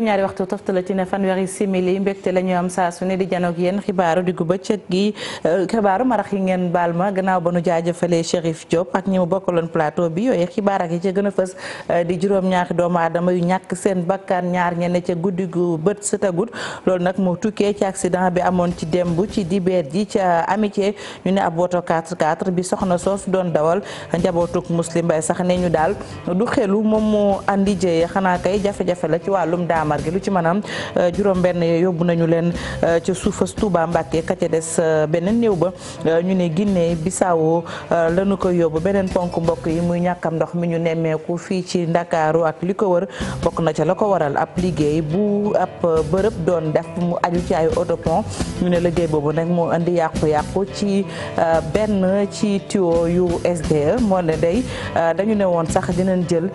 juróom-ñaari waxtu toftala ci ne fanweeri simili mbégte la am saa su ne di janoog yéen xibaaru diggu bëccëg gi euh, xibaaru marax yi baal ma gannaaw ba nu jaajëfalee Chérif Diop ak ñi mu bokkaloon plateau bi yooyu xibaar yi ca gën a fës euh, di juróom-ñaari doomu aadama yu ñakk seen bakkan ñaar ñene ca guddi gu bët sëtagut loolu nag moo tukkee ci accident bi amoon ci démb ci dibeer ji ca amitié ñu ne ab woto 4-4 bi soxna soosu doon dawal njabootuk muslim bay sax ne ñu daal càmbar gi lu ci maanaam euh, juróom benn yóbbu nañu leen euh, ca suufas Touba Mbàkke a ca des euh, beneen néew ba ñu ne Guinée Bissau lañu ko yóbbu beneen ponk mbokk yi muy ñàkkam ndox mi ñu nemmeeku fii ci Ndakaaru ak li ko wër bokk na ca la ko waral ab liggéey bu ab bërëb doon def mu aju ci ay autopont ñu ne liggéey boobu nag moo indi yàqu-yàqu ci benn ci tuyau yu SDE moo ne day dañu ne woon sax dinañ jël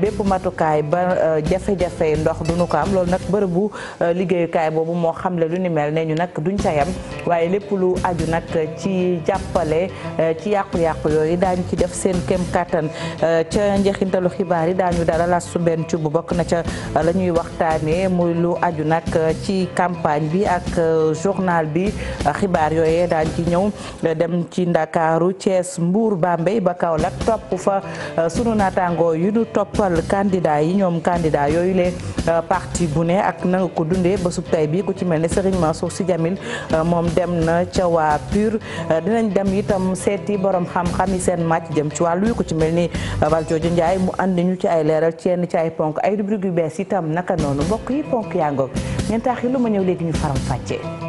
bépp matukaay ba jafe-jafe ndox duñu ko ko am loolu nag bërëbu euh, liggéeyukaay boobu moo xamle lu ni mel ne ñu nag duñ ca yem waaye lépp lu aju nag ci jàppale euh, ci yàqu-yàqu yooyu daañu ci def seen kem kattan euh, ca njeexintalu xibaar yi daañu dara las su benn ci bu bokk na ca la ñuy waxtaanee muy lu aju nag ci campagne bi ak journal bi xibaar yooye daañ ci ñëw dem ci Ndakaaru Thiès Mbour Bambey ba Kaolack topp fa sunu naataangoo yu ñu toppal candidat yi ñoom candidat yooyu lee parti bu ne ak na nga ko dundee ba subtay bi ku ci mel ne Serigne Mansour Sy Djamil euh, moom dem na ca waa PUR euh, dinañ dem itam seeti borom xam-xam yi seen màcc jëm ci wàllu yi ku ci mel ni euh, Valdiodio njaay mu ànd ñu ci ay leeral ci yenn ci ay ponk ay rubrique yu bees itam naka noonu mbokk yi ponk yaa ngoog ñeentaax yi lu ma ñëw léegi ñu faram fàccee.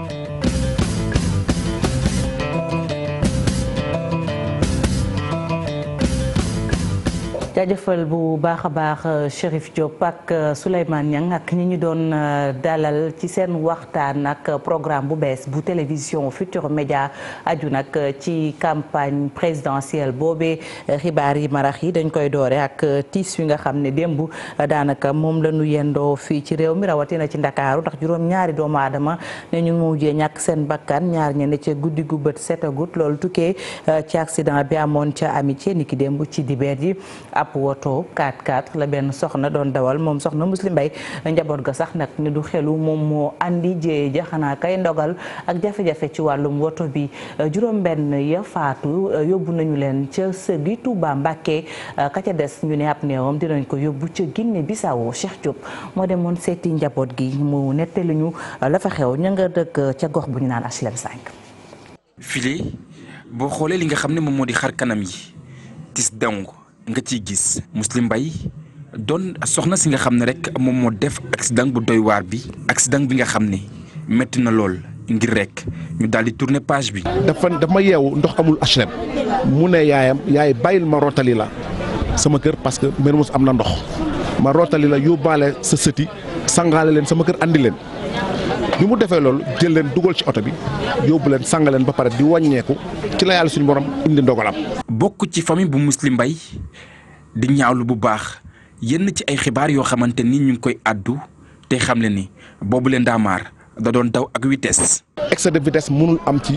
jaajëfal bu baax a baax euh, Chérif Diop ak euh, Souleymane Niang ak ñi ñu doon euh, dalal ci seen waxtaan ak programme bu bees bu télévision Futurs média aju nag ci campagne présidentielle boobee xibaar yi marax yi dañ koy doore ak tiis yi nga xam ne démb daanaka moom la ñu yendoo fii ci réew mi rawatina ci Ndakaaru ndax juróom ñaari doomu aadama ne ñu mujjee ñàkk seen bakkan ñaar ñe ne ca guddi gu bët setagut loolu tukkee ci accident bi amoon ca ami amitié niki démb ci dibeer ji ab woto 4-4 la benn soxna doon dawal moom soxna Muslim Mbay njaboot ga sax nag ni du xelu moom moo indi jéeye ja xanaa kay ndogal ak jafe-jafe ci wàllum woto bi juróom-benn ya faatu yóbbu nañu leen ca sëgi Touba Mbàkke ka ca des ñu ne ab néewam dinañ ko yóbbu ca Guinée Bissau Cheikh Diop moo moon seeti njaboot gi mu nettali ñu la fa xew ña nga dëkk ca gox bu ñu naan HLM 5. xoolee li nga xam ne moom moo di xar kanam yi nga ci gis Muslim Mbaye doon soxna si nga xam ne rek moom moo def accident bu doy waar bi accident bi nga xam ne métti na lool ngir rek ñu daal di tourner page bi. dafa dama yeewu ndox amul HLM mu ne yaayam yaay bàyyil ma rootali la sama kër parce que Mermoz am na ndox ma rootali la yóbbaale sa sëti sangaale leen sama kër àndi leen bi mu defee loolu jël leen dugal ci oto bi yóbbu leen sàng leen ba pare di wàññeeku ci la yàlla suñu borom indi ndogalam. bokk ci famille bu Muslim Mbay di ñaawlu bu baax yenn ci ay xibaar yoo xamante ni ñu ngi koy àddu te xam ni boobu leen daamaar da doon daw ak vitesse. excès de vitesse mënul am ci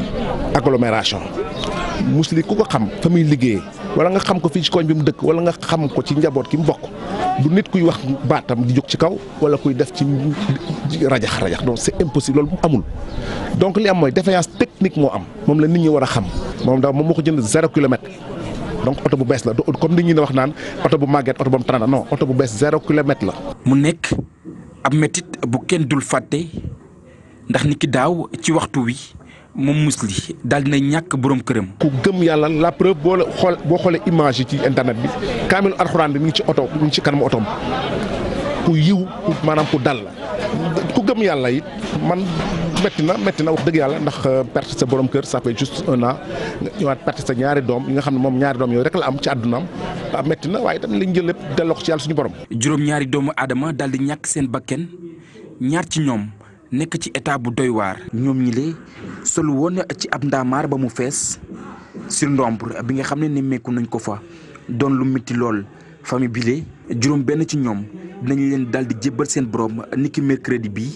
agglomération. musli ku ko xam fa muy liggéeyee wala nga xam ko fii ci koñ bi mu dëkk wala nga xam ko ci njaboot ki mu bokk du nit kuy wax baatam di jóg ci kaw wala kuy def ci rajax rajax donc c'est impossible loolu amul. donc li am mooy défaillance technique moo am moom la nit ñi war a xam moom daal moom moo ko jënd zéro kilomètre. donc oto bu bees la comme ni ñu ne wax naan oto bu màgget oto bu am trente non oto bu bees zéro kilomètre la. mu nekk ab métit bu kenn dul fàtte ndax niki daaw ci waxtu wi. moom musli daal dina ñàkk borom këram. ku gëm yàlla la preuve boo la xool boo xoolee image yi ci internet bi kaamil alxuraan bi mi ngi ci oto mu ngi ci kanam otoom ku yiw maanaam ku dal la ku gëm yàlla it man. metti na metti na wax dëgg yàlla ndax euh, perte sa boroom kër ça fait juste un nga ñëwaat perti sa ñaari doom yi nga xam ne moom ñaari doom yooyu rek la am ci àddunaam ah metti na waaye tamit lañ jël lépp delloo ko ci yàlla suñu borom. juróom ñaari doomu aadama daal di ñàkk seen bakken ñaar ci ñoom. nekk ci état bu doywaar ñoom ñi le sol woon ci ab ndaamaar ba mu fees sur ndombre bi nga xam ne nemmeeku nañ ko fa doon lu métti lool famille bi le juróom benn ci ñoom dinañ leen daal di jébbal seen borom niki mercredi bi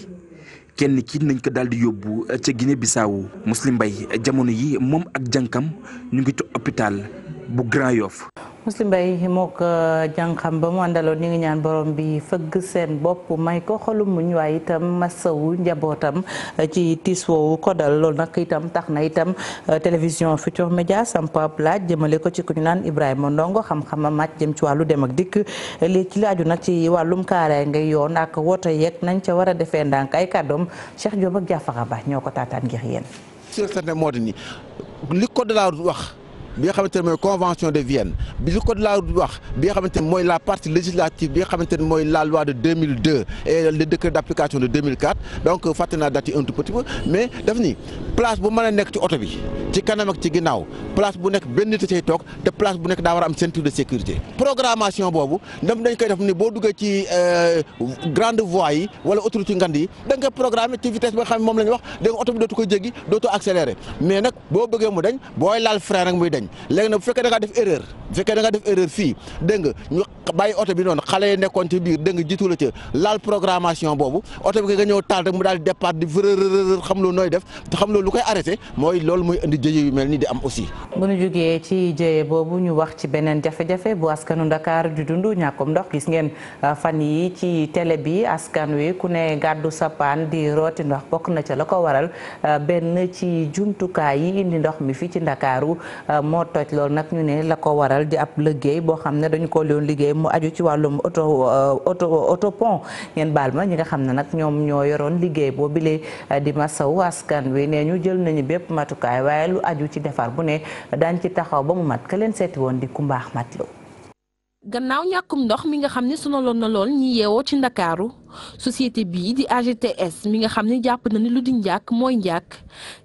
kenn ki nañ ko daal di yóbbu ca Guinée Bissau Muslim mbay jamono yi moom ak jànkam ñu ngi ci hôpital bu Grand Yoff Muslim Mbaye moo ko euh, jànqam ba mu àndaloon ñu ngi ñaan borom bi fëgg seen bopp may ko xolum muñ waaye itam masawu njabootam euh, ci tiis woowu ko dal loolu nag itam tax na itam euh, télévision Futur Média samp ab laaj jëmale ko ci ku ñu naan Ibrahima Ndongo xam-xama màcc jëm ci wàllu dem ak dikk li ci laaju nag ci wàllum kaaraay ngay yoon ak woto yeeg nañ ca war a defee ndànk ay kàddoom Cheikh Diop ak Diafara Ba ñoo ko taataan ngir yéen. li ko wax. bi nga xamante ne mooy convention de Vienne bi lu code de wax bi nga xamante ne mooy la partie législative bi nga xamante ne mooy la loi de 2002 et le décret d'application de donc fàtte naa date yi mais daf ni place bu mën a nekk ci oto bi ci kanam ak ci ginnaaw place bu nekk benn nit a cay toog te place bu nekk daa war a am ceinture de sécurité. programmation boobu ndam dañ koy def ni boo duggee ci euh, grande voie yi wala autoroute yu ngand yi da nga koy programmer xam ne moom la ñu wax da nga oto bi dootu ko mais nag boo bëggee mu dañ booy laal frein rek muy bañ léegi nag bu fekkee da nga def erreur bu fekkee da nga def erreur fii dégg nga ñu oto bi noonu xale yi nekkoon ci biir dégg nga jiitu laal programmation boobu oto bi nga ñëw taal rek mu daal di départ di vërërërër xam loolu nooy def te xam loolu lu koy arrêté mooy loolu mooy indi jëye yu mel ni di am aussi. bu ñu jugee ci jëye boobu ñu wax ci beneen jafe-jafe bu askanu Ndakaar di dund ñàkkum ndox gis ngeen euh, fan yi ci télé bi askan wi ku ne gàddu sa di rooti ndox bokk na ca la ko waral euh, benn ci jumtukaay yi indi ndox mi fii ci Ndakaaru euh, moo toj loolu nag ñu ne la ko waral di ab liggéey boo xam ne dañu ko loon liggéey mu aju ci wàllu auto euh, auto auto pont ngeen baal ma ñi nga xam na nag ñoom ñoo yoroon liggéey boo bilee euh, di masawu askan wi ne ñu jël nañu bépp matukaay waaye lu aju ci defar bu ne dañ ci taxaw ba mu mat ka leen seeti woon di kumbaax matlo gannaaw ñàkkum ndox mi nga xam ne sonaloon na lool ñi yeewoo ci ndakaaru société bii di AGTS mi nga xam ne jàpp na ni lu di njàkk mooy njàkk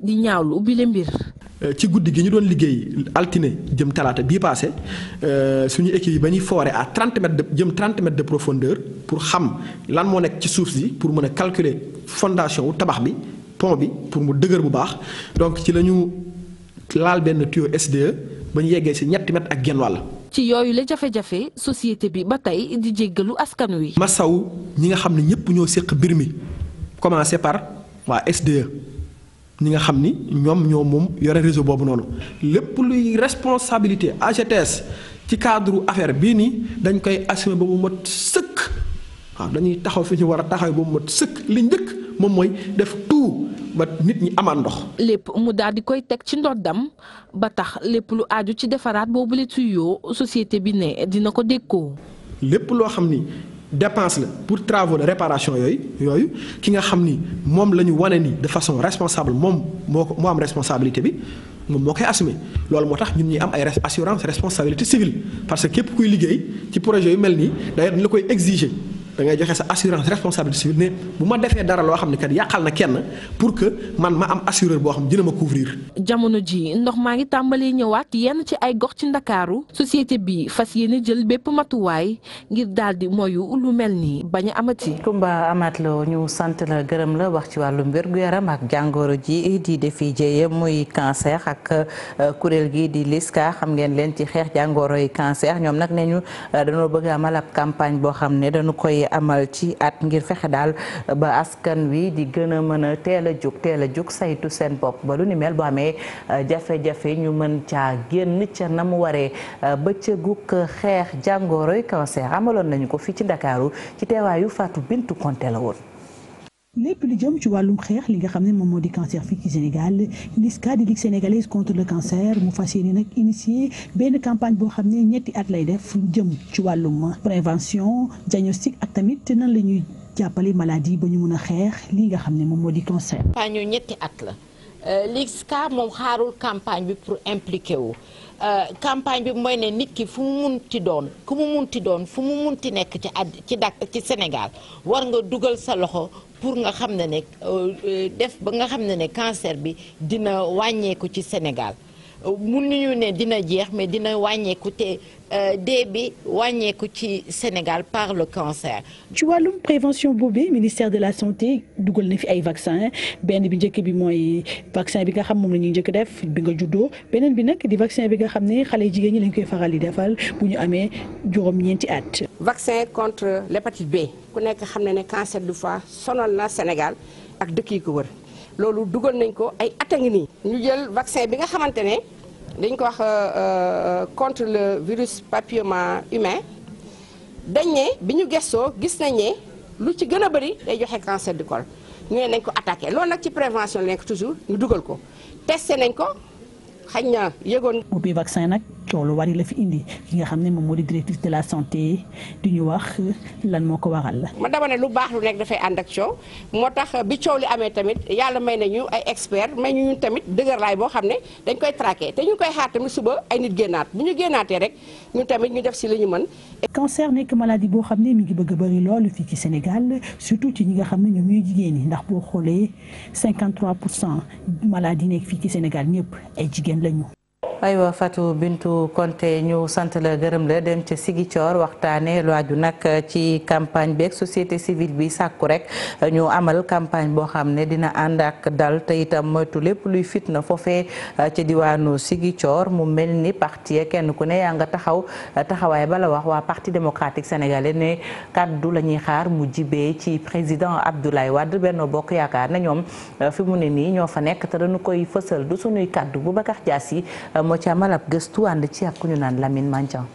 di ñaawlu mbir Euh, ci guddi gi ñu doon liggéey altine jëm talaata bii paase euh, suñu équipe yi ba ñuy foore a 30 mètres de jëm 30 mètres de profondeur pour xam lan moo nekk ci suuf si pour mën a calculer fondation wu tabax bi pont bi pour mu dëgër bu baax donc ci la ñu laal benn tuyau SDE ba ñu yeggee si ñetti mètres ak genn wàll. ci yooyu la jafe-jafe société bi ba tey di jéggalu askan wi. masaw ñi nga xam ne ñëpp ñoo séq mbir mi commencé par waa SDE. ñi nga xam ni ñoom ñoo moom yore réseau boobu noonu lépp luy responsabilité AGTS ci cadre affaire bii nii dañ koy assumer ba mu mot sëkk waaw dañuy taxaw fi ñu war a taxaw ba mu mot sëkk li njëkk moom mooy def tout ba nit ñi amal ndox. lépp mu daal di koy teg ci ndoddam ba tax lépp lu aaju ci defaraat boobu la yoo société bi ne dina ko déggoo. lépp loo xam ni dépense la pour travaux de réparation yooyu yooyu ki nga xam ni moom la ñu wane ni de façon responsable moom moo ko moo am responsabilité bi moom moo koy assumer loolu moo tax ñun ñuy am ay assurance responsabilité civile parce que képp kuy liggéey ci projet yu mel nii d'ailleurs dañ la koy exiger. da ngay joxe sa assurance responsabilité civile ne bu ma defee dara loo xam ne kat yàqal na kenn pour que man ma am assureur boo xam dina ma jamono ji ndox maa ngi tàmbali ñëwaat yenn ci ay gox ci ndakaaru société bi fas yéene jël bépp matuwaay ngir daal di moyu lu mel nii bañ a yi Kumba Amath la ñu sant la gërëm la wax ci wàllu wér-gu-yaram ak jàngooro ji di defi jéye muy cancer ak euh, kuréel gi di liska xam ngeen leen ci xeex jàngoro yi cancer ñoom nag ne ñu euh, dañoo bëgg amal ab boo xam ne dañu koy amal ci at ngir fexe daal ba askan wi di gën a mën a teel a jóg teel a jóg saytu seen bopp ba lu ni mel bu amee euh, jafe-jafe ñu mën caa génn ca na mu waree euh, bëccëguk xeex jàngoroy cancer amaloon nañu ko fii ci Ndakaaru ci teewaayu Fatou bintu Konté la woon lépp lu jëm ci wàllum xeex li nga xam ne moom moo di cancer fii ci Sénégal LISCA di Ligue sénégalaise contre le cancer mu fas ni nag initier benn campagne boo xam ne ñetti at lay def jëm ci wàllum prévention diagnostic ak tamit nan la ñuy jàppale maladie ba ñu mun a xeex lii nga xam ne moom moo di cancer. campagne ñetti at la euh, LISCA moom xaarul campagne bi pour impliqué wu euh, campagne bi mooy ne nit ki fu mu munti doon ku mu munti doon fu mu mun ti nekk ci at ci dak ci Sénégal war nga dugal sa loxo. pour nga xam ne ne euh, euh, def ba nga xam ne ne cancer bi dina wàññeeku ci Sénégal mënuñu ne dina jeex mais dina wàññeeku te euh, dee bi wàññeeku ci Sénégal par le cancer. ci wàllum prévention boobu ministère de la santé dugal na fi ay vaccin benn bi njëkk bi mooy vaccin bi nga xam moom la ñuy njëkk def bi nga juddoo beneen bi nag di vaccin bi nga xam ne xale jigéen ñi lañ koy faral di defal bu ñu amee juróom-ñeenti at. vaccin contre l'hépatite B ku nekk xam na ne cancer du foie sonal na Sénégal ak dëkk yi ko wër. loolu dugal nañ ko ay at nii ñu jël vaccin bi nga xamante ne dañ ko wax euh, euh, contre le virus papilloma humain dañ ne bi ñu gestoo gis nañ ne lu ci gën a bëri day joxe cancer du col ñu ne nañ ko attaqué loolu nag ci prévention la nekk toujours ñu dugal ko testé nañ ko xañ na yëgoon ubbi vaccin nag coow lu wari la fi indi ki nga xam ne moom moo di directrice de la santé di ñu wax lan moo ko waral. man dama ne lu baax lu nekk dafay ànd ak coow moo tax bi coow li amee tamit yàlla may nañu ay experts may ñu ñun tamit dëgërlaay boo xam ne dañ koy traqué te ñu koy xaar tamit suba ay nit génnaat bu ñu génnaatee rek ñu tamit ñu def si li ñu mën. cancer nekk maladie boo xam ne mi ngi bëgg a bëri loolu fii ci Sénégal surtout ci ñi nga xam ne ñoom ñooy jigéen ñi ndax boo xoolee 53 pour cent maladie nekk fii ci Sénégal ñëpp ay jigéen lañu. aywa Fatou Bintou Konté ñu sant la gërëm la dem ca Ziguinchor waxtaane lu aju nag ci campagne beeg société civile bi sàkku rek ñu amal campagne boo xam ne dina ànd ak dal te itam moytu lépp luy fitna foofee ci diwaanu Ziguinchor mu mel ni parti ya kenn ku ne yaa nga taxaw taxawaay bala wax waa parti démocratique sénégalais ne kàddu la ñuy xaar mu jibee ci président Abdoulaye Wade benn Bokk Yaakaar na ñoom fi mu ne nii ñoo fa nekk te dañu koy fësal du sunuy kàddu Boubacar Diassi Euh, moo ci amal ab gëstu ànd ci ak ñu naan Lamine Mandiang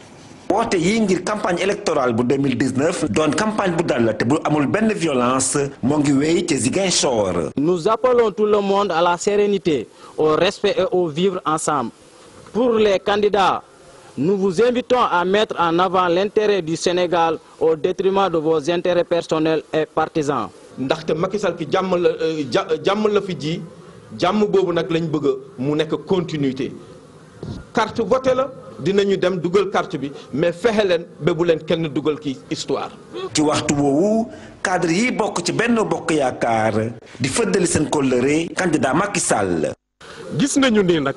woote yii ngir campagne électorale bu 2019 doon campagne bu dal te bu amul benn violence moo ngi wéy ca Ziguinchor. nu appelons tout le monde à la sérénité au respect et au vivre ensemble pour les candidats nous vous invitons à mettre en avant l'intérêt du Sénégal au détriment de vos intérêts personnels et partisans. ndaxte Macky Sall ki jàmm la euh, jàmm ji jàmm boobu nag lañ bëgg mu nekk continuité. carte voté la dinañu dem dugal carte bi mais fexe leen ba bu leen kenn dugal ki histoire. ci waxtu woowu cadre yi bokk ci benn bokk yaakaar di fëddali seen kóllëre candidat Macky Sall. gis nañu ni nag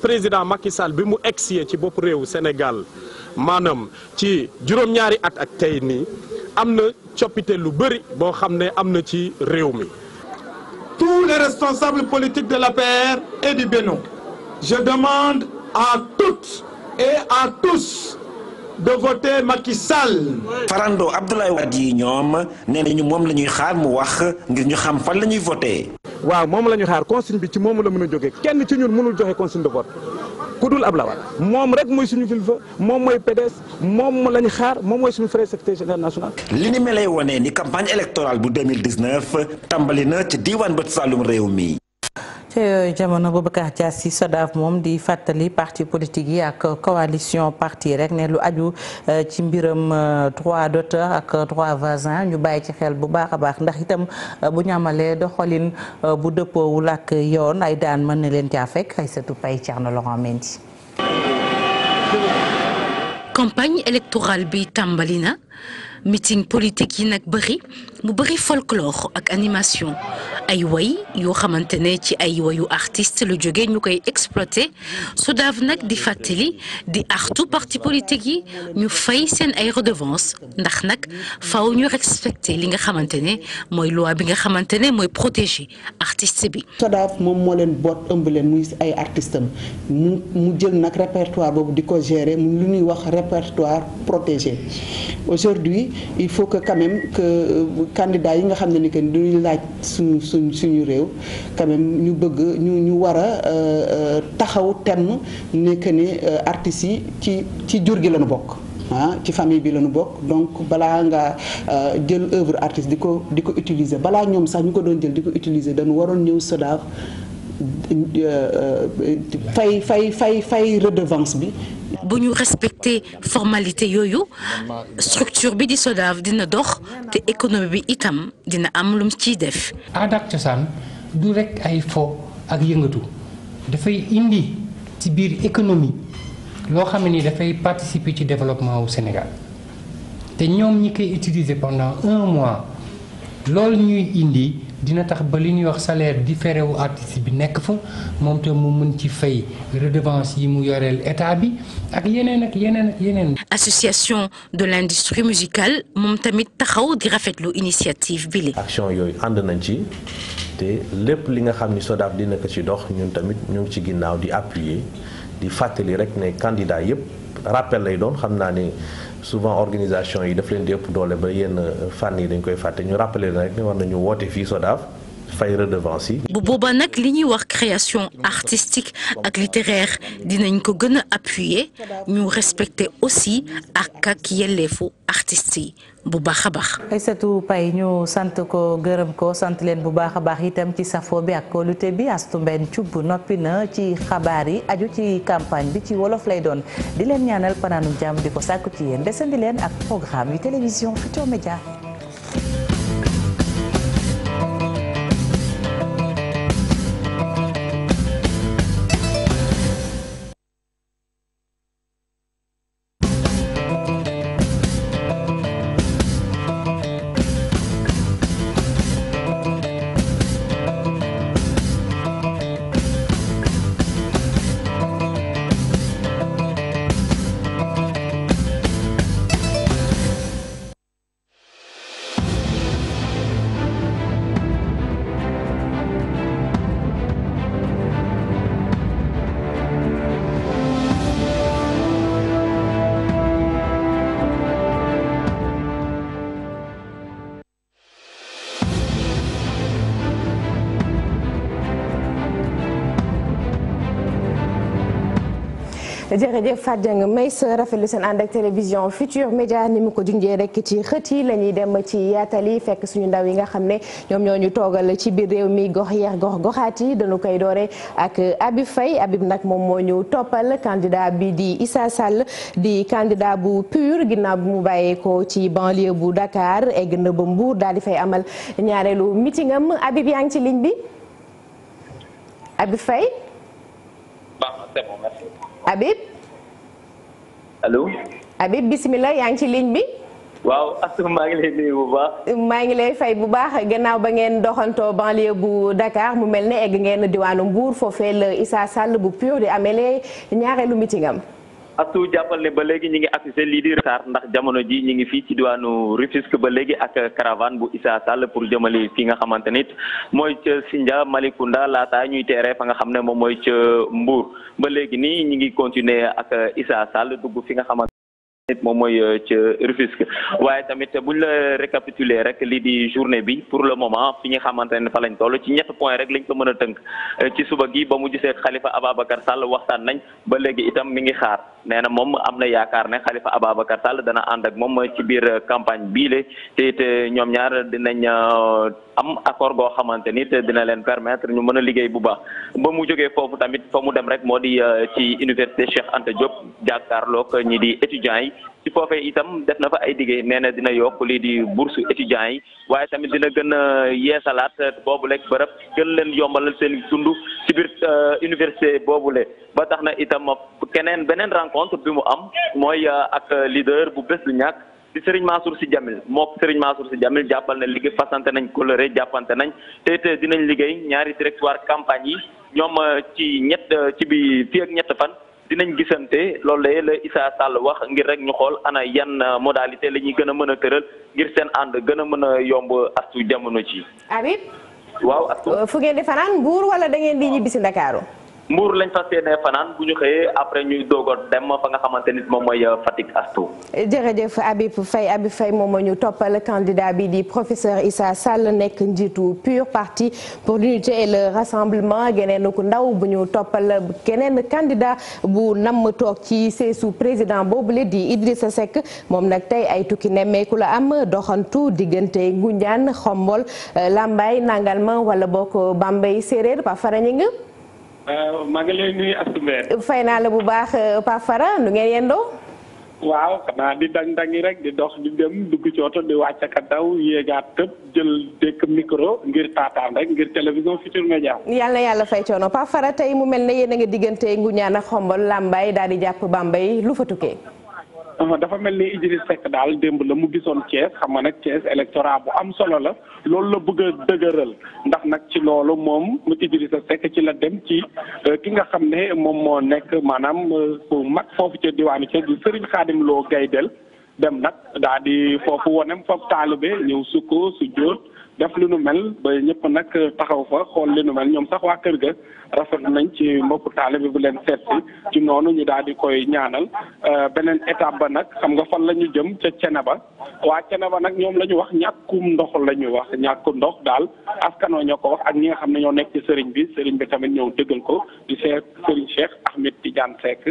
président Macky Sall bi mu egsee ci bopp réewu Sénégal maanaam ci juróom-ñaari at ak tey nii am na coppite lu bëri boo xam ne am na ci réew mi. tous les responsables politiques de l'APR et du Bénin, à toutes et à tous de voter Macky Sall. Farando Abdoulaye Wade yi ñoom nee ñu moom la ñuy xaar mu wax ngir ñu xam fan la ñuy voté. waaw moom la ñu xaar consigne bi ci moom la mën a jógee kenn ci ñun mënul joxe consigne de vote ku dul Abdoulaye Wade moom rek mooy suñu kilifa moom mooy PDS moom la ñu xaar moom mooy suñu frère secrétaire général national. li ni melay wone ni campagne électorale bu 2019 tàmbali na ci diiwaan bët Saalum réew mi. ca jamono Boubacar Dias si SODAV moom di fàttali parti politique yi ak coalition parti rek ne lu aju euh, ci mbiram euh, droit d'auteur ak droit voisin ñu bàyyi ci xel bu baax a baax ndax itam euh, bu ñu amalee doxalin bu dëppowu ak yoon ay daan mën na leen caa fekk ay satu pay Thierno Laurent Mendy campagne électorale bi tàmbali na meeting politique yi nag bëri mu bëri folklore ak animation ay way yoo xamante ne ci ay wayu artiste lu jóge ñu koy exploité SODAV nag di fàttali di artu parti politique yi ñu fay seen ay redevance ndax nag faw ñu respecté li nga xamante ne mooy loi bi nga xamante ne mooy protéger artiste bi. SODAV moom moo leen boot ëmb leen muy ay artistes mu mu jël nag répertoire boobu di ko gérer mu lu ñuy wax répertoire protégé aujourd'hui il faut que quand que euh, candidat yi nga xam ne ni que duñu laaj suñu suñ suñu réew quand ñu bëgg ñu ñu war a euh, euh, taxaw temm ne que ne euh, artistes yi ci ci jur gi lañu bokk ah ci famille bi lañu bokk donc balaa nga jël œuvre artiste di ko di ko utiliser balaa ñoom sax ñu ko doon jël di ko utiliser dañu waroon ñëw SODAV fay fay fay fay redevance bi. bu ñu respecté formalité yooyu structure bi di SODAV dina dox te économie bi itam dina am lum ciy def. aada ak cosaan du rekk ay fo ak yëngatu dafay indi ci biir économie loo xam ne ni dafay participer ci développement wu Sénégal te ñoom ñi koy utiliser pendant un mois loolu ñuy indi. dina tax ba li ñuy wax salaire di wu artiste bi nekk fa moom te mu mën ci fay redevance yi mu yoreel état bi ak yeneen ak yeneen ak yeneen. association de l'industrie musicale moom tamit taxaw di rafetlu initiative bi li action yooyu ànd nañ ci te lépp li nga xam ni SODAV dina ko ci dox ñun tamit ñu ngi ci ginnaaw di appuyer di fàttali rek ne candidat yépp rappel lay doon xam naa ni souvent organisation yi daf leen di ëpp doole ba yenn fànn yi dañ koy fàtte ñu rappelé la rek war nañu woote fii SODAV fay redevance bu booba nag li ñuy wax création artistique ak littéraire dinañ ko gën a appuyer ñu respecte aussi ak ak yelleefu artistes bu baax a baax. Aïssatou Paye ñu sant ko gërëm ko sant leen bu baax a baax itam ci safo bi ak kóolute bi Astou Mbène Thioub noppi na ci xabaar yi aju ci campagne bi ci wolof lay doon di leen ñaanal panaanum jàmm di ko sàkku ci yéen desandi leen ak programme yu télévision Futurs Médias. jërëjëf Fatou Dieng may sa rafetlu seen ànd ak télévision Futur Média ni mu ko junjee rek ci xët yi lañuy ñuy dem ci yaatal yi fekk suñu ndaw yi nga xam ne ñoom ñoo ñu toogal ci biir réew mi gox yeex gox goxaat yi dañu koy doore ak Habib fay Habib nag moom moo ñu toppal candidat bi di Issa di candidat bu PUR ginnaaw bi mu bàyyeekoo ci banlieue bu dakaar egg na ba Mbour daal di fay amal ñaareelu meeting am Habib yaa ngi ci ligne bi Habib Faye. Habib. allo. Habib bisimilah yaa ngi ci ligne bi. waaw Astou maa ngi lay nuyu bu baax. maa ngi lay fay bu baax gannaaw ba ngeen doxantoo banlieue bu Dakar mu mel ni egg ngeen diwaanu Mbour foofee la Issa Sall bu PUR di amelee ñaareelu meeting astu jàppal ne ba léegi ñu ngi accusé lii di retard ndax jamono ji ñu ngi fii ci diwaanu Rufisque ba léegi ak caravane bu Issa Sall pour jëmali fi nga xamante nit mooy ca Sindia la laataa ñuy teeree fa nga xam ne moom mooy ca Mbour ba léegi nii ñu ngi continuer ak Issa Sall dugg fi nga xamante moom mooy euh, ca Rufisque waaye tamit buñ la récapituler rek lii di journée bi pour le moment fi nga xamante ne fa lañ toll ci ñett point rek lañ ko mën a tënk euh, ci suba gi ba mu gisee xalifa Ababacar Sall waxtaan nañ ba léegi itam mi ngi xaar nee na moom am na yaakaar ne Khalifa Ababacar Sall dana ànd ak moom ci biir campagne bii le te euh, ñoom ñaar dinañ am accord goo xamante ni te dina leen permettre ñu mën a liggéey bu baax ba mu jógee foofu tamit fa mu dem rek moo di euh, ci université Cheikh Anta Diop jàkkaarloog ñii di étudiants yi ci foofee itam def na fa ay liggéey nee na dina yokk lii di bourse étudiants yi waaye tamit dina gën a yeesalaat boobu lekk bërëb gën leen yombalal seen dund ci biir euh, université le ba tax na itam keneen beneen rencontre bi mu am mooy euh, ak leader bu bés du ñàkk di sëriñ Mansour Sy Djamil mook sëriñ Mansour Sy Djamil jàppal na liggéey fasante nañ coloré jàppante nañ te te dinañ liggéey ñaari directoire campagne yi ñoom euh, ci ñett euh, ci bi fii ak ñett fan dinañ gisante loolu de la Issa Sall wax ngir rek ñu xool ana yan euh, modalité la ñuy gën a mën a tëral ngir seen ànd gën a mën a yomb astu jamono ci Habib waaw astu fu ngeen di fanaan Mbuur wala da ngeen di ñibbisi Ndakaaru mbuur lañ fas yéenee fanaan bu ñu xëyee après ñuy doog dem fa nga xamante ni moom mooy euh, Fatick Astou. jërëjëf Habib Faye Habib Faye moom moo ñu toppal candidat bi di professeur Issa Sall nekk njiitu PUR parti pour l'unité et le rassemblement geneen ku ndaw bu ñu toppal keneen candidat bu namm toog ci seesu président boobu boobule di sa Seck moom nag tey ay tukki nemmeeku la am doxantu diggante Ngoundiane Xombol euh, Lambaye Nangalma wala boo ko Séeréer ba nga Euh, maa ngi lay nuyu Astou naa la bu baax euh, Pape Fara nu ngeen yendoo waaw xanaa di dang-dangi rek di dox di dem dugg ci di wàcc ak daw yéegaat tëb jël dëkk micro ngir taataan rek ngir télévision Futurs Médias yàlla na yàlla fay coono Pape tey mu mel ne yéen a nga diggante Ngoundiane ak Xombol Lambaye daal di jàpp Bambey lu fa tukkee Euh, dafa mel ni Idriss Seck daal démb la mu gisoon Thiès xam nga nag Thiès électorat bu am solo la loolu la bëgg a dëgëral ndax nag ci loolu moom Idrissa Seck ci la dem ci euh, ki nga xam ne moom moo nekk maanaam euh, ku mag foofu ca diwaanu Thiès di Serigne Khadim Lo Gaydel dem nag daal di foofu wonem foofu taalibe ñëw sukko su jóot def li nu mel ba ñëpp nag taxaw fa xool li nu mel ñoom sax waa kër ga rafet nañ ci mbokku taale bi bu leen seet si ci noonu ñu daal di koy ñaanal euh, beneen étape ba nag xam nga fan la ñu jëm ca ba waa Ceneba nag ñoom la ñu wax ñàkkum ndox la ñu wax ñàkkum ndox daal askanoo ñoo ko wax ak ñi nga xam ne ñoo nekk ci sëriñ bi sëriñ bi tamit ñëw dëggal ko di seet sëriñ Cheikh Ahmed Tidiane Seck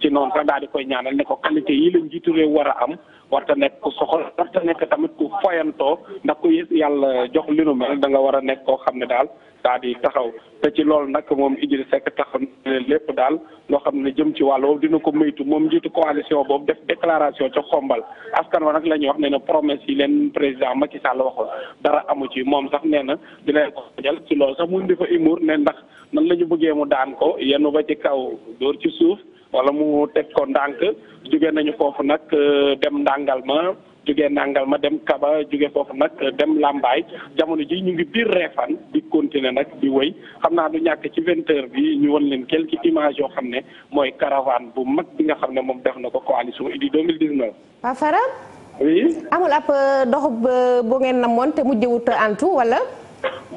ci noonu sax daal di koy ñaanal ne ko qualité yi lañ jiitu réew war a am warta nekk ku soxol warta nekk tamit ku foyantoo ndax ku yàlla jox li nu mel da nga war a nekk koo xam ne daal daa di taxaw te ci loolu nag moom Idriss sekk taxaw ne lépp daal loo xam ne jëm ci wàll woowu dina ko moytu moom njiitu coalition boobu def déclaration ca xombal askan wa nag la ñuy wax ne ne promesse yi leen président Macky Sall waxoon dara amu ci moom sax nee na dina ko jël ci lool sax mu indi fa humour ne ndax nan la ñu bëggee mu daan ko yenn ba ci wala mu teg ko ndànk jóge nañu foofu nag euh, dem ndàngal ma jóge ndàngal ma dem Kaba jóge foofu nag euh, dem làmbaay jamono ji ñu ngi biir reefan di continuer nag di wëy xam naa nu ñàkk ci vingt bi ñu won leen quelques images yoo xam ne mooy caravane bu mag bi nga xam ne moom def na ko coalition Idy 2019. Paa Fara. oui amul ab euh, dox bu ngeen namoon te mujjewut antu wala.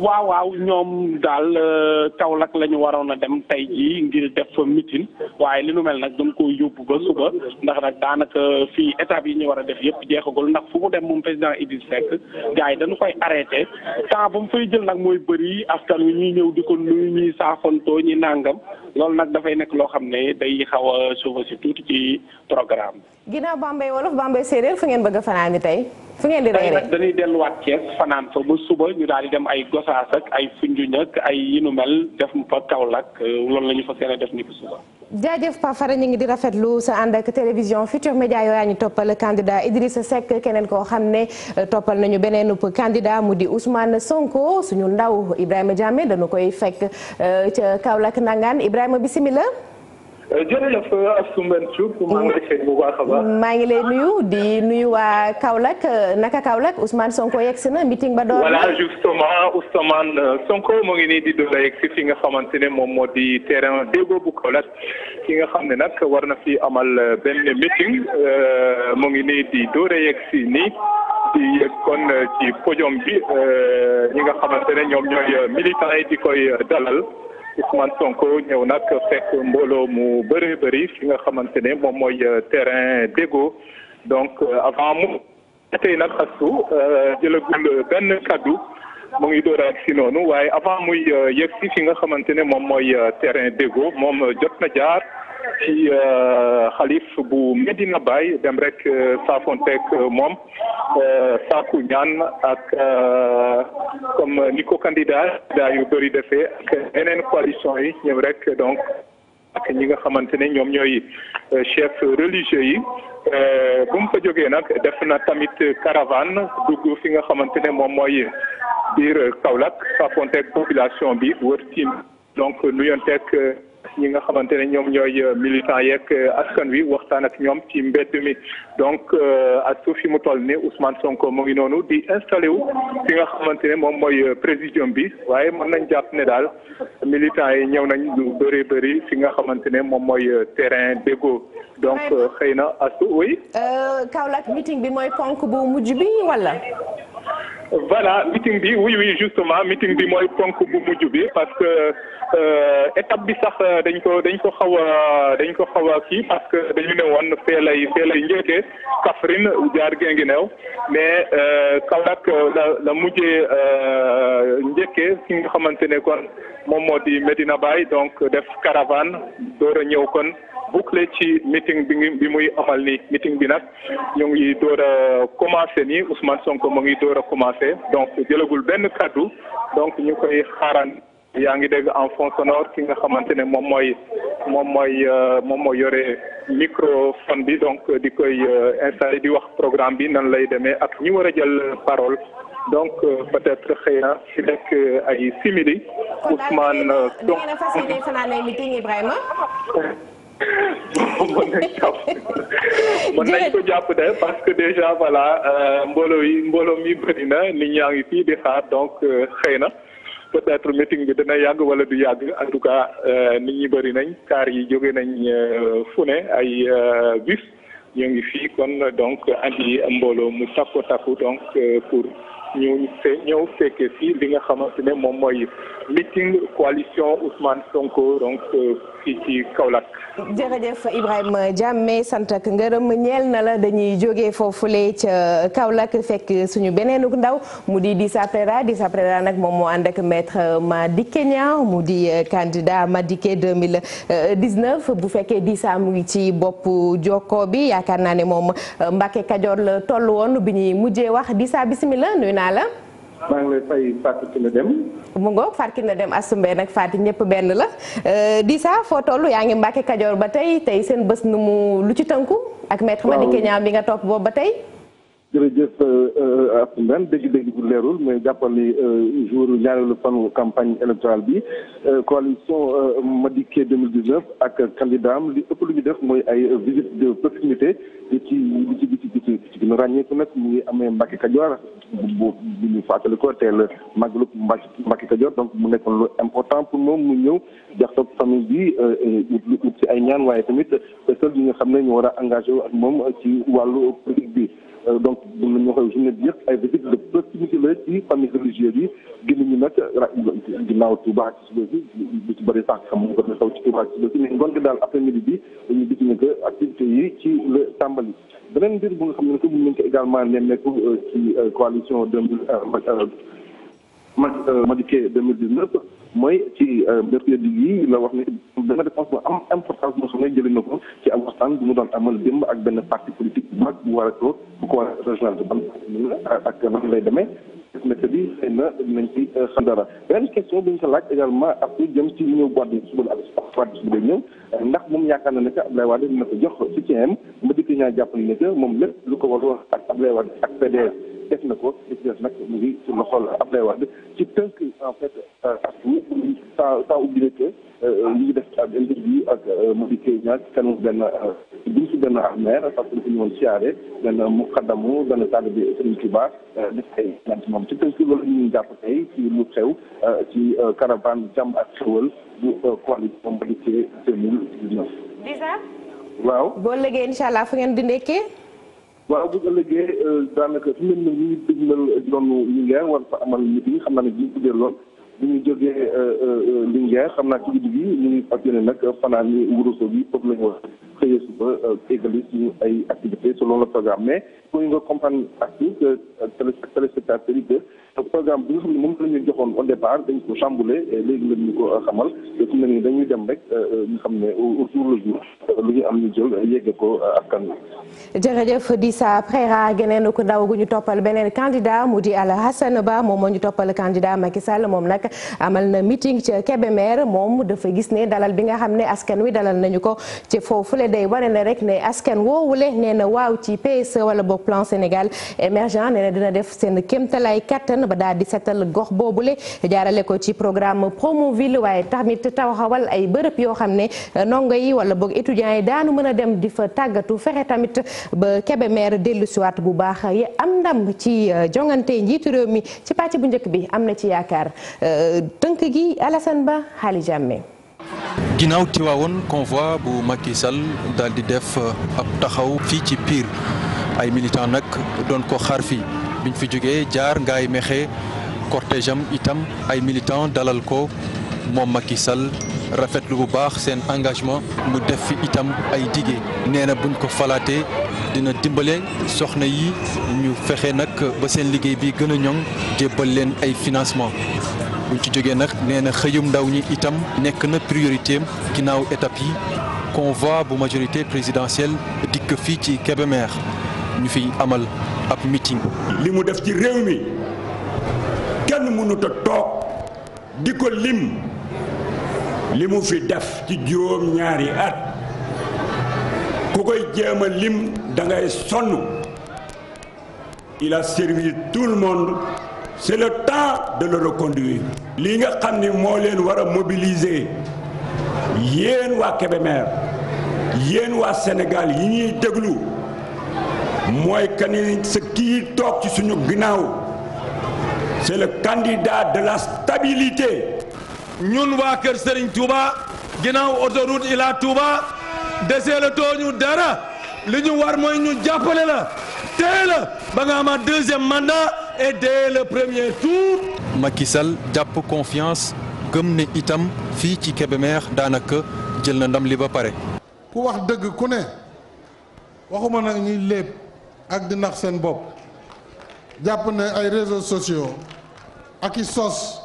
waaw waaw ñoom daal euh, Kaolack la ñu waroon a dem tey ji ngir def fa meeting waaye li nu mel nag dañ ko yóbbu ba suba ndax nag daanaka fii étape yi ñu war a def yëpp jeexagul ndax fu mu président Idriss Seck gars yi dañu koy arrêté temps ba mu fay jël nag mooy bëri askan wi ñuy ñëw di ko nuyu ñuy saafontoo ñi nàngam loolu nag dafay nekk loo xam ne day xaw a suufa si tuuti ci programme ginnaaw Bambey wolof Bambey séeréer fu ngeen bëgg a fanaan tey fu ngeen di. tey nag delluwaat Thiès fanaan fa ba suba ñu daal di dem ay Gosaas ay Foundiougne ay yi mel def fa Kaolack euh, loolu la ñu fas def ni ko suba. jaajëf Pape Fara ñu ngi di rafetlu sa ànd ak télévision Futurs Médias yooyaa ñu toppal candidat Idrissa Seck keneen koo xam ne euh, toppal nañu beneen candidat mu di Ousmane Sonko suñu ndaw Ibrahima Diamé dañu koy fekk euh, ca Kaolack nangaan Ibrahima bisimilah. Euh, euh, maa ngi lay a baax. maa ngi lay nuyu di nuyu waa Kaolack euh, naka Kaolack Ousmane Sonko yegg si na meeting ba door. voilà justement Ousmane Sonko moo ngi nii di doon yegg si fi nga xamante ne moom moo di terrain déggoo bu Kaolack ki nga xam ne nag war na fi amal benn meeting moo ngi nii di door a yegg nii di yegg kon ci podium bi ñi nga xamante ne ñoom ñooy militants yi di koy dalal. Ousmane Sonko ñëw nag fekk mbooloo mu bëree bëri fi nga xamante ne moom mooy euh, terrain dégo donc euh, avant mu tey nag xastu euh, jëlagul benn kaddu mu ngi door ak si noonu waaye avant muy yegg si fi nga xamante ne moom mooy terrain dégo moom jot na jaar. ci euh, xalif bu Medina Baye dem rek euh, saafonteeg euh, moom saaku ñaan ak comme ni ko candidat daa yu bëri defee ak yeneen coalition yi ñoom rek donc ak ñi nga xamante ne ñoom ñooy chef religieux yi bu mu fa jógee nag def na tamit caravane dugg fi nga xamante ne moom mooy biir Kaolack saafonteeg population bi wër tiim donc nuyonteeg ñi nga xamante ne ñoom ñooy euh, militant yeeg euh, askan wi waxtaan ak ñoom ci mbedd mi donc euh, astu yi mu toll ni Ousmane Sonko mu ngi noonu di installé wu fi nga xamante ne moom mooy présidium bi waaye mën nañ jàpp ne daal militant yi ñëw nañ lu bëri bëri fi nga xamante ne moom mooy terrain dégo donc xëy na astu oui. Kaolack meeting bi mooy ponk bu mujj bi wala. voilà meeting bi oui oui justement meeting bi mooy ponk bu mujj bi parce que. Euh, étape bi sax euh, dañ ko dañ ko xaw a dañ ko xaw kii parce que dañu ne woon fee lay fee lay njëkkee Kaffrine jaar Guinguinéo mais euh, Kaolack la la mujjee njëkkee fi nga xamante ne kon moom moo di Medina Baye donc def caravane door a ñëw kon boucler ci meeting bi bi muy amal ni meeting bi nag ñu ngi door a commencé nii Ousmane Sonko mu ngi door a commencé donc jëlagul benn kaddu donc ñu koy xaaraan. yaa ngi dégg en fond sonore ki nga xamante ne moom mooy moom mooy euh, moom mooy yore microphone bi donc di koy euh, installé di wax programme bi nan lay demee ak ñi war a jël parole donc euh, peut-être xëy na si rek ay simili Ousmane donc mën nañ jàpp mën nañ ko jàpp de parce que déjà voilà mbooloo mboolooy mbooloo mi bëri na nit ñaa ngi fii di xaar donc xëy na peut-être meeting bi dina yàgg wala du yàgg en tout cas euh, nit ñi bëri nañ kaar yi jóge nañ euh, fu ne ay euh, bus ñoo ngi fii kon donc andi mbooloo mu takko takku donc pour ñëw ñëw fekke fii li nga xamante ne moom mooy meeting coalition Ousmane Sonko donc euh, fii ci Kaolack. jërëjëf Ibrahima Diamé sant ak ngërëm ñeel na la dañuy jógee foofule ca Kaolack fekk suñu beneen ndaw mu di Disapera Disapera nag moom moo ànd ak ma Madické Niang mu di euh, candidat Madické 2019 bu fekkee Disa mu ngi ci bopp jokko bi yaakaar naa ne moom euh, Mbacke Kajoor la toll woon bi ñuy mujjee wax Disa bisimilah nuyu naa naa la. maa ngi lay fay Fatou Kine mu ngoog Fatou Kine Deme Astou Mbaye nag Fatou ñëpp benn la euh, Disa foo toll yaa ngi Mbàkke Kajoor ba tey tey seen bës nu mu lu ci tënku. ak maître Madické Niang bi nga topp boobu ba tey. jërëjëf euh, euh, ak Mbène dégg-dégg bu leerul mais jàppal ni euh, jour ñaareelu fanu campagne électorale bi coalition Madické 2019 ak candidat li ëpp lu ñu def mooy ay visite de proximité di ci di ci di ci ràññeeku nag mu ngi amee Mbacke Kajoor bu bu ñu fàttali ko teel mag màggalu Mbacke Kajoor donc mu nekkoon lu important pour moom mu ñëw jaxasoo famille bi ut ut ci ay ñaan waaye tamit seul ñi nga xam ne ñu war a engagé wu ak moom ci wàllu politique bi. Euh, donc mën nañu wax journée bi yëpp ay visite de proximité la ci famille religieuse yi génn ñu nag ginnaaw Touba ci suba si lu ci bëri sax xam nga ne taw ci Touba ci suba si mais ngoon daal après midi bi dañu gis ne activité yi ci la tàmbali beneen mbir bu nga xam ne que mën nañ ko également nemmeeku euh, ci euh, coalition deux mille ma euh, Madické 2019 mooy ci euh, mercredi yi la wax ne benn réponse bu am importance su xam ne jëlee na ko ci am waxtaan bu mu doon amal démb ak benn parti politique bu mag bu war a ko bu ko war a régional ban ak nan lay demee méthode yi xëy na dinañ euh, dara beneen question bi ñu ko laaj également ak lu jëm ci ñëw ndax moom yaakaar na ne que Abdoulaye Wade dina ko jox soutien am Madické ñaa jàpp ne que moom lépp lu ko war a wax ak Abdoulaye Wade ak PDS def na ko ci des nag mu ngi sur le xol Abdoulaye Wade ci tënk en fait euh, ak sans sans oublier euh, li def ak interview ak Mody Gueye Niang ci kanamu benn euh, biñ si benn armeer parce que ñu woon siyaare benn muqaddamu benn taalibe Sëriñ Tuubaa def ay ñaan ci moom ci tënk loolu ñu jàpp tey ci lu xew ci caravane jàmm ak xewal bu coalition Mody Gueye 2019 waaw boo léegi incha allah fu ngeen di ndekkee waaw bu ëllëgee euh, daanaka fi mu ne nii ñu dégmal yoonu war fa amal nit ñi xam naa ne bu ñu tuddee lool bu ñu jógee euh, euh, Linguère xam naa ci guddi gi ñu ngi fas yéene nag fanaan ni Ourossogui bi foofu la ñu wax xëyee suba égali suñu ay activités selon le programme mais pour nga comprendre ak téléspectateurs a que programme bi nga xam ne moom ko chamboulé euh, euh, euh, ñu toppal beneen candidat mu di Alassane Ba moom moo ñu toppal candidat Macky moom nag amal na meeting moom dafa gis ne dalal bi nga xam ne askan wi dalal nañu ko ci foofule day wane na rek ne askan woowule nee na waaw ci PSE wala boog plan Sénégal émergent nee dina def seen kéemtalaay kattan. yoon ba daal di setal gox boobule jaarale ko ci programme Promoville waaye tamit taxawal ay bërëb yoo xam ne ndongo yi wala boog étudiants yi daanu mën a dem di fa tàggatu fexe tamit ba Kébémer dellu siwaat bu baax yi am ndam ci euh, jongante njiitu réew mi ci pacc bu njëkk bi am na ci yaakaar euh, tënk gi Alassane Ba xaali jàmme ginnaaw Tiwaawoon convoi bu Macky Sall daal di def euh, ab taxaw fii ci Pire ay militant nag doon ko xaar fii biñ fi jógee jaar ngaay mexe cortège am itam ay militant dalal ko moom Macky Sall rafetlu bu baax seen engagement mu def fi itam ay dige nee na buñ ko falaatee dina dimbale soxna yi ñu fexe nag ba seen liggéey bi gën a ñoŋ jébbal leen ay financement buñ ci jógee nag nee na xëyum ndaw ñi itam nekk na priorité ginnaaw étape yi convoi bu majorité présidentielle dikk fii ci Kébémer ñu fiy amal ab meeting. li mu def ci réew mi kenn mënut toog di ko lim li mu fi def ci juróom ñaari at ku koy jéem a lim dangay sonn il a servi tout le monde c'est le temps de le reconduire. li nga xam ni moo leen war a mobiliser yéen waa Kébémer yéen waa Sénégal yi ñuy déglu. mooy que sa kii toog ci suñu ginnaaw c'est le candidat de la stabilité. ñun waa Kër Serigne Touba ginnaaw autoroute Ila Touba desee la too ñu dara li ñu war mooy ñu jàppale la tee la ba nga amaat deuxième mandat et dès le premier tour. Macky Sall jàpp confiance gëm ne itam fii ci Kébémer daanaka jël na ndam li ba pare. ku wax dëgg ku ne waxuma nag ñuy lépp. ak di nax seen bopp jàpp ne ay réseaux sociaux ak i sos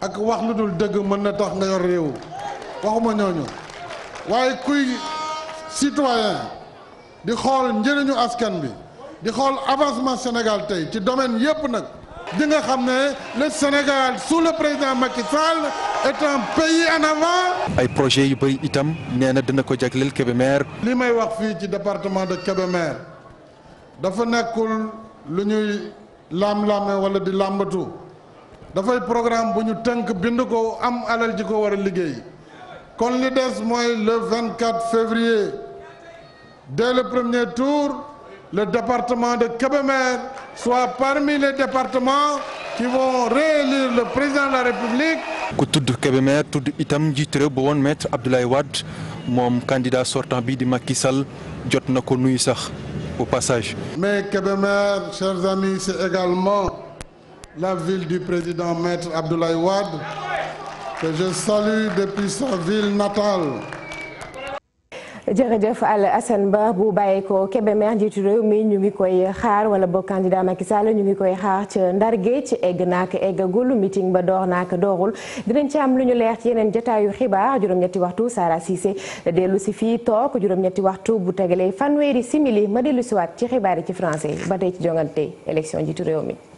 ak wax lu dul dëgg mën na tax nga yor réew waxuma ñooñu waaye kuy citoyen di xool njëriñu askan bi di xool avancement Sénégal tey ci domaine yépp nag di nga xam ne le Sénégal sous le président Macky Sall est un pays en avant. ay projet yu bëri itam nee na dina ko jagleel Kébémer. li may wax fii ci département de Kébémer. dafa nekkul lu ñuy laam-laame wala di làmbatu dafay programme bu ñu tënk bind ko am alal ji ko war liggéey kon li des mooy le 24 février dès le premier tour le département de Kébémer soit parmi les départements qui vont réélire le président de la République. ku tudd Kébémer tudd itam njiit réew bu woon maître Abdoulaye Wade moom candidat sortant bi di Macky Sall jot na ko nuyu sax. au passage. Mais Kébémer, chers amis, c'est également la ville du président Maître Abdoulaye Wade, que je salue depuis sa ville natale. jërëjëf Al Assane Ba bu bàyyeekoo Kébémer njiitu réew mi ñu ngi koy xaar wala boog candidat Macky Sall ñu ngi koy xaar ca Ndar Géej egg naak eggagul meeting ba door naak doorul dinañ ci am lu ñu leex ci yeneen jotaayu xibaar juróom-ñetti waxtu Sara Cissé dellu si fi toog juróom-ñetti waxtu bu tegalee fanweeri simili ma dellu siwaat ci xibaar yi ci français ba tey ci jongante election njiitu réew mi.